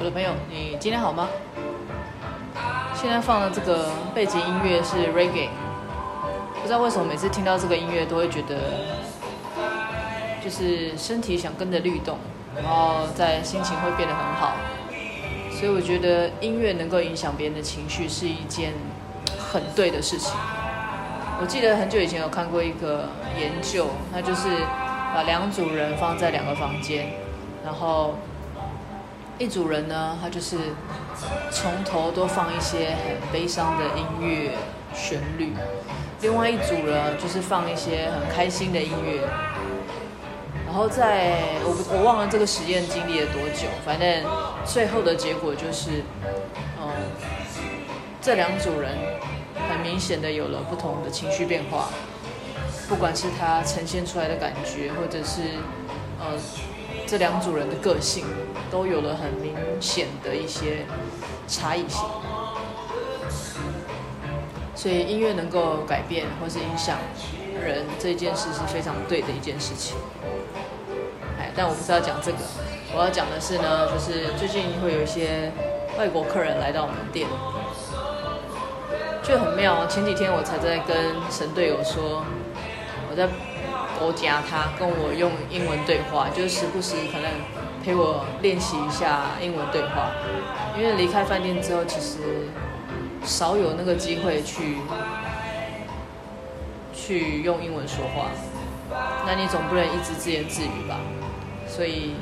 我的朋友，你今天好嗎？現在放的這個背景音樂是 reggae。不知道為什麼，每次聽到這個音樂，都會覺得就是身體想跟着律動，然後在心情會變得很好。所以我覺得音樂能夠影響別人的情緒，是一件很對的事情。我記得很久以前有看過一個研究，那就是把兩組人放在兩個房間，然後。一組人呢，他就是從頭都放一些很悲傷的音樂旋律，另外一組人就是放一些很開心的音樂，然後在我我忘了這個實驗經歷了多久，反正最後的結果就是，嗯、呃，這兩組人很明顯的有了不同的情緒變化，不管是他呈現出來的感覺，或者是呃。這兩組人的個性都有了很明顯的一些差異性，所以音樂能夠改變或是影響人這件事是非常對的一件事情。哎，但我不是要講這個，我要講的是呢，就是最近會有一些外國客人來到我們店，就很妙，前幾天我才在跟神隊友說，我在。我加他，跟我用英文對話，就是時不時可能陪我練習一下英文對話。因為離開飯店之後，其實少有那個機會去去用英文說話。那你總不能一直自言自語吧？所以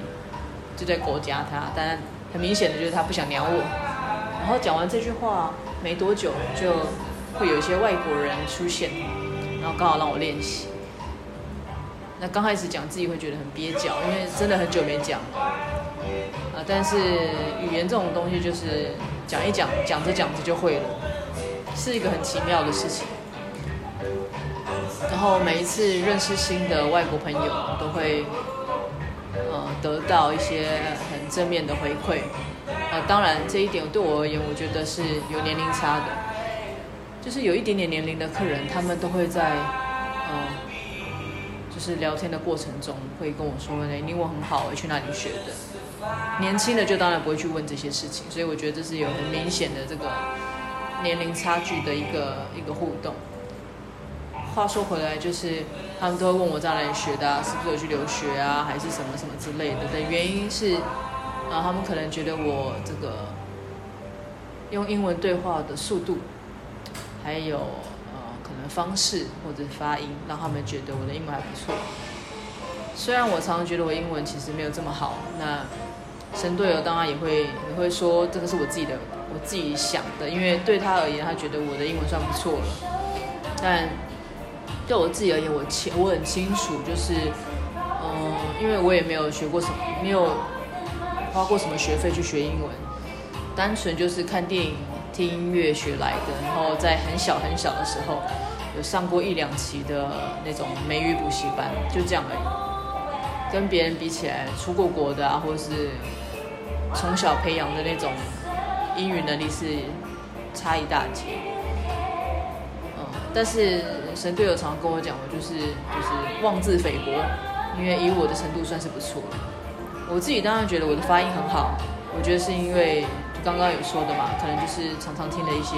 就在國家他，但很明顯的就是他不想鳥我。然後講完這句話沒多久，就會有一些外國人出現，然後剛好讓我練習。那剛開始講自己會覺得很蹩腳，因為真的很久沒講了。呃，但是語言這種東西就是講一講，講着講着就會了，是一個很奇妙的事情。然後每一次認識新的外國朋友，都會呃得到一些很正面的回饋。呃，當然這一點對我而言，我覺得是有年齡差的，就是有一點點年齡的客人，他們都會在，呃就是聊天的過程中會跟我說呢、欸，你英文很好，我去哪裡學的。年輕的就當然不會去問這些事情，所以我覺得這是有很明顯的這個年齡差距的一個一個互動。話說回來，就是他們都會問我在哪裡學的、啊，是不是有去留學啊，還是什麼什麼之類的，的。的原因是，啊，他們可能覺得我這個用英文對話的速度，還有。方式或者發音，讓他們覺得我的英文還不錯。雖然我常常覺得我英文其實沒有這麼好，那神隊友當然也會也會說這個是我自己的，我自己想的。因為對他而言，他覺得我的英文算不錯了。但對我自己而言，我我很清楚，就是嗯、呃，因為我也沒有學過什麼，沒有花過什麼學費去學英文，單純就是看電影、聽音樂學來的。然後在很小很小的時候。有上過一兩期的那種美語補習班，就這樣而、欸、已。跟別人比起來，出過國的啊，或是從小培養的那種英語能力是差一大截，嗯。但是神隊友常常跟我講，我就是就是妄自菲薄，因為以我的程度算是不錯。我自己當然覺得我的發音很好，我覺得是因為剛剛有說的嘛，可能就是常常聽了一些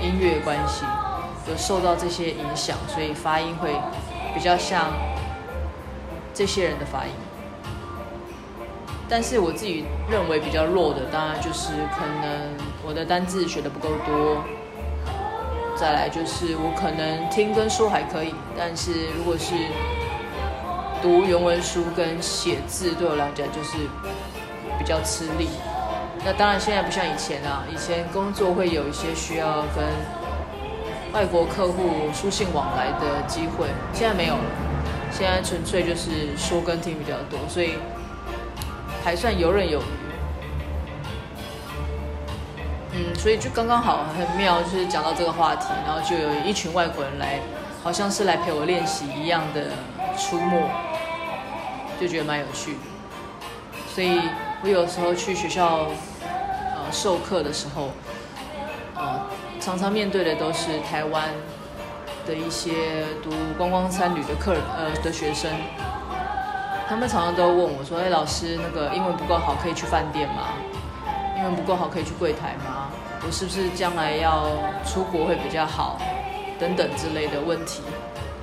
音樂關係。就受到這些影響，所以發音會比較像這些人的發音。但是我自己認為比較弱的，當然就是可能我的單字學得不夠多，再來就是我可能聽跟說還可以，但是如果是讀原文書跟寫字，對我來講就是比較吃力。那當然現在不像以前啊，以前工作會有一些需要跟。外國客戶書信往來的機會，現在沒有了，現在純粹就是說跟聽比較多，所以還算游刃有餘。嗯，所以就剛剛好，很妙，就是講到這個話題，然後就有一群外國人來，好像是來陪我練習一樣的出沒，就覺得蠻有趣。所以我有時候去學校，呃，授課的時候。常常面對的都是台灣的一些讀觀光餐旅的客人，呃的學生，他們常常都問我說：“哎、欸，老師，那個英文不夠好，可以去飯店嗎？英文不夠好，可以去櫃台嗎？我是不是將來要出國會比較好？等等之類的問題。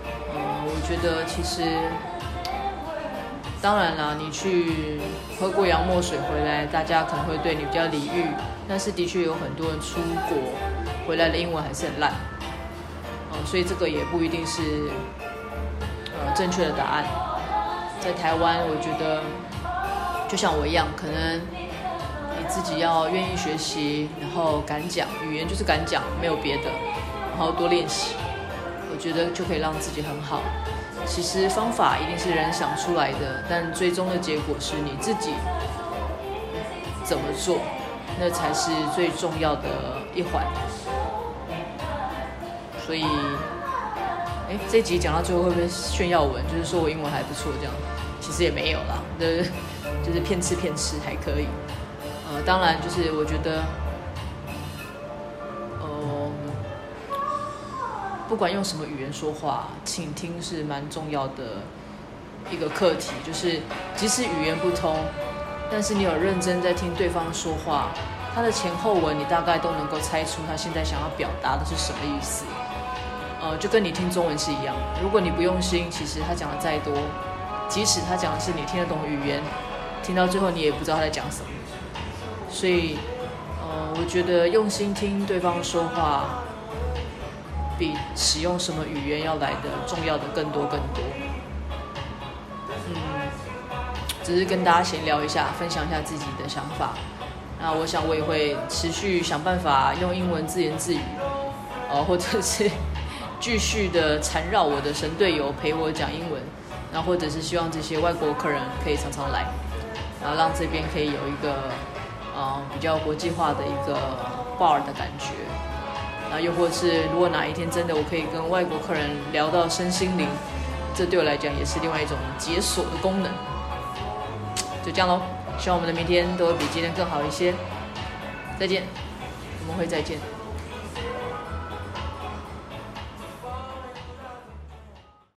呃”我覺得其實當然啦，你去喝過洋墨水回來，大家可能會對你比較禮遇。但是的確有很多人出國。回來的英文還是很爛，呃，所以這個也不一定是，呃，正確的答案。在台灣，我覺得就像我一樣，可能你自己要願意學習，然後敢講，語言就是敢講，沒有別的，然後多練習，我覺得就可以讓自己很好。其實方法一定是人想出來的，但最終的結果是你自己，嗯，怎麼做。那才是最重要的一環，所以，哎，這集講到最後會不會炫耀文？就是說我英文還不錯這樣？其實也沒有啦，就是、就是、騙吃騙吃還可以。呃，當然就是我覺得，呃，不管用什麼語言說話，傾聽是蠻重要的一個課題，就是即使語言不通。但是你有認真在聽對方說話，他的前後文你大概都能夠猜出他現在想要表達的是什麼意思。呃，就跟你聽中文是一樣。如果你不用心，其實他講的再多，即使他講的是你聽得懂語言，聽到最後你也不知道他在講什麼。所以，呃，我覺得用心聽對方說話，比使用什麼語言要來得重要的更多更多。只是跟大家閒聊一下，分享一下自己的想法。那我想我也會持續想辦法用英文自言自語，呃，或者是繼續的纏繞我的神隊友陪我講英文，那或者是希望這些外國客人可以常常來，然後讓這邊可以有一個呃比較國際化的一個 bar 的感覺。那又或者是如果哪一天真的我可以跟外國客人聊到身心靈，這對我來講也是另外一種解鎖的功能。就這樣嘍，希望我們的明天都會比今天更好一些。再見，我們會再見。